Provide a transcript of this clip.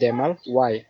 demal waay